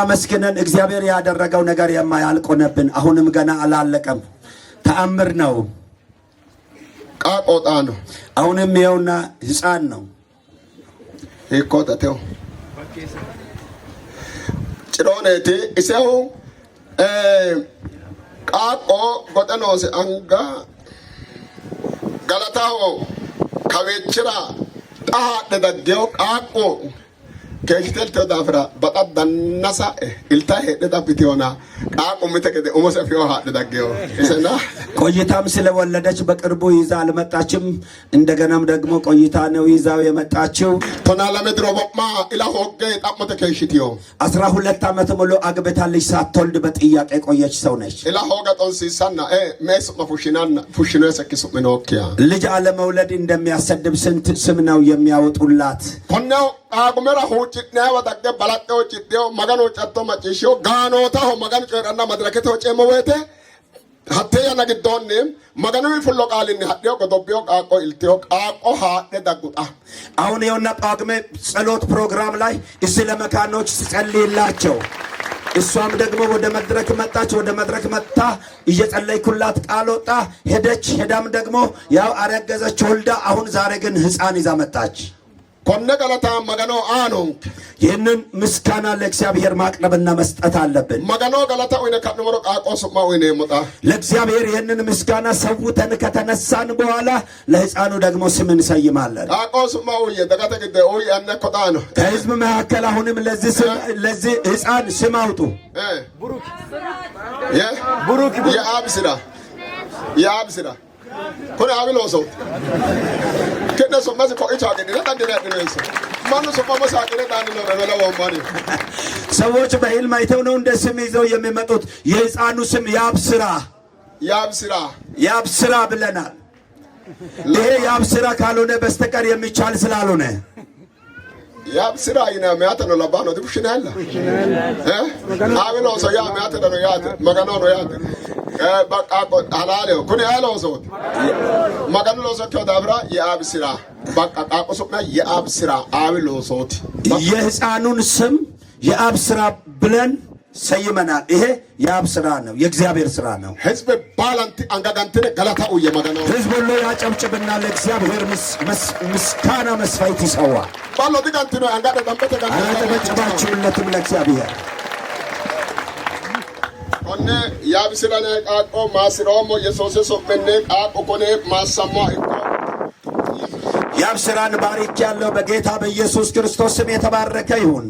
አመስግነን እግዚአብሔር ያደረገው ነገር የማያልቆነብን አሁንም ገና አላለቀም። ተአምር ነው። ቃቆጣ ነው። አሁንም ይኸውና ህፃን ነው። ይቆጠቴው ጭሮኔቲ እሰው ቃቆ ጎጠኖስ አንጋ ገለታው ከቤችራ ጣሃ ደደጌው ቃቆ geeshitelteedhaaf irraa badhaadhannasaa iltaa heedheedhaaf bitiyoonaa ቆይታም ስለወለደች በቅርቡ ይዛ አልመጣችም። እንደገናም ደግሞ ቆይታ ነው ይዛው የመጣችው። አስራ ሁለት ዓመት ሙሉ አግብታ ልጅ ሳትወልድ በጥያቄ ቆየች ሰው ነች። ልጅ አለመውለድ እንደሚያሰድብ ስንት ስም ነው የሚያወጡላት። ቁሜራ ሁጭ መገኖ ጨቶ ጋኖታ መገን ሀና መድረከት ሆጨሞ ወይቴ hatteeyya na giddoonni maganuu fullo qaalinni hadhiyo godobbiyo qaaqqo iltiyo qaaqqo haadhe dagguxa አሁን የውና ጳጉሜ ጸሎት ፕሮግራም ላይ እዚህ ለመካኖች ሲጸልይላቸው እሷም ደግሞ ወደ መድረክ መጣች። ወደ መድረክ መጥታ እየጸለይኩላት ቃል ወጣ ሄደች። ሄዳም ደግሞ ያው አረገዘች ወልዳ። አሁን ዛሬ ግን ሕፃን ይዛ መጣች። ኮነ ቀለታ መገኖ አኖ ይህንን ምስጋና ለእግዚአብሔር ማቅረብና መስጠት አለብን። መገኖ ቀለታ ወይነ ከንመሮ ቃቆስማ ወይነ ሙጣ ለእግዚአብሔር ይህንን ምስጋና ሰውተን ከተነሳን በኋላ ለሕፃኑ ደግሞ ስም እንሰይማለን። ቃቆስማ ውየ ደቀተ ግደ ውይ አነ ኮጣ ነው ከህዝብ መካከል አሁንም ለዚህ ሕፃን ስም አውጡ። ቡሩክ የአብ ስራ የአብ ስራ kono ha wilo sow keɗɗo sommasi ko icaɗe ɗi ɗaɗɗine ɗinoy so ማኑ ሰማማ ሳቅሬን አንድ ነው በበላ ወንባሪ ሰዎች በህልም አይተው ነው እንደ ስም ይዘው የሚመጡት። የህፃኑ ስም ያብስራ ያብስራ ያብስራ ብለናል። ይሄ ያብስራ ካልሆነ በስተቀር የሚቻል ስላልሆነ ያብ ስራ ሚያተ ነው ለባ ነው ትብሽና ያለ አብ ነው ሰው ያ ሚያተ ነው ያ መገናው ነው ያ በቃ አላሌው ኩን ያለውሰት መቀኑ ሎሶቸው ዳብራ የአብ ስራ በቃ ቃቁሱና የአብ ስራ አብ ሎሶት የህፃኑን ስም የአብ ስራ ብለን ሰይመናል። ይሄ የአብ ስራ ነው፣ የእግዚአብሔር ስራ ነው። ህዝብ ባላንቲ አንጋጋንትን ገላታኡ የመገነው ህዝብ ሁሉ ያጨብጭብና ለእግዚአብሔር ምስጋና መስዋዕት ይሰዋል። ባሎ ዲጋንት ነው አንጋደ ዳምበተ ለእግዚአብሔር konne yaabisirane qaaqqo maasiroommo yesuusi su'minni qaaqqo kuni maassammoa ikko ያብ ስራን ባርክ ያለው በጌታ በኢየሱስ ክርስቶስ ስም የተባረከ ይሁን።